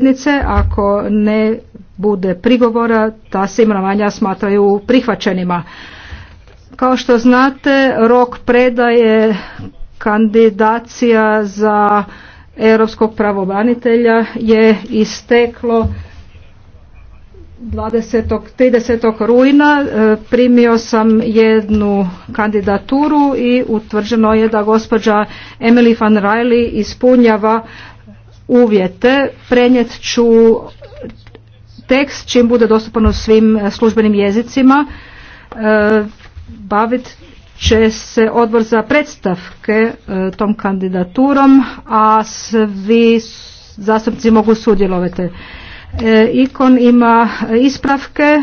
sjednice, ako ne bude prigovora, ta se imenovanja smatraju prihvaćenima. Kao što znate, rok predaje kandidacija za europskog pravobranitelja je isteklo 20. 30. rujna e, primio sam jednu kandidaturu i utvrđeno je da gospođa Emily van Riley ispunjava uvjete. Prenijet ću tekst čim bude dostupan u svim e, službenim jezicima. E, bavit će se odbor za predstavke e, tom kandidaturom, a svi zastupnici mogu sudjelovati. Ikon ima ispravke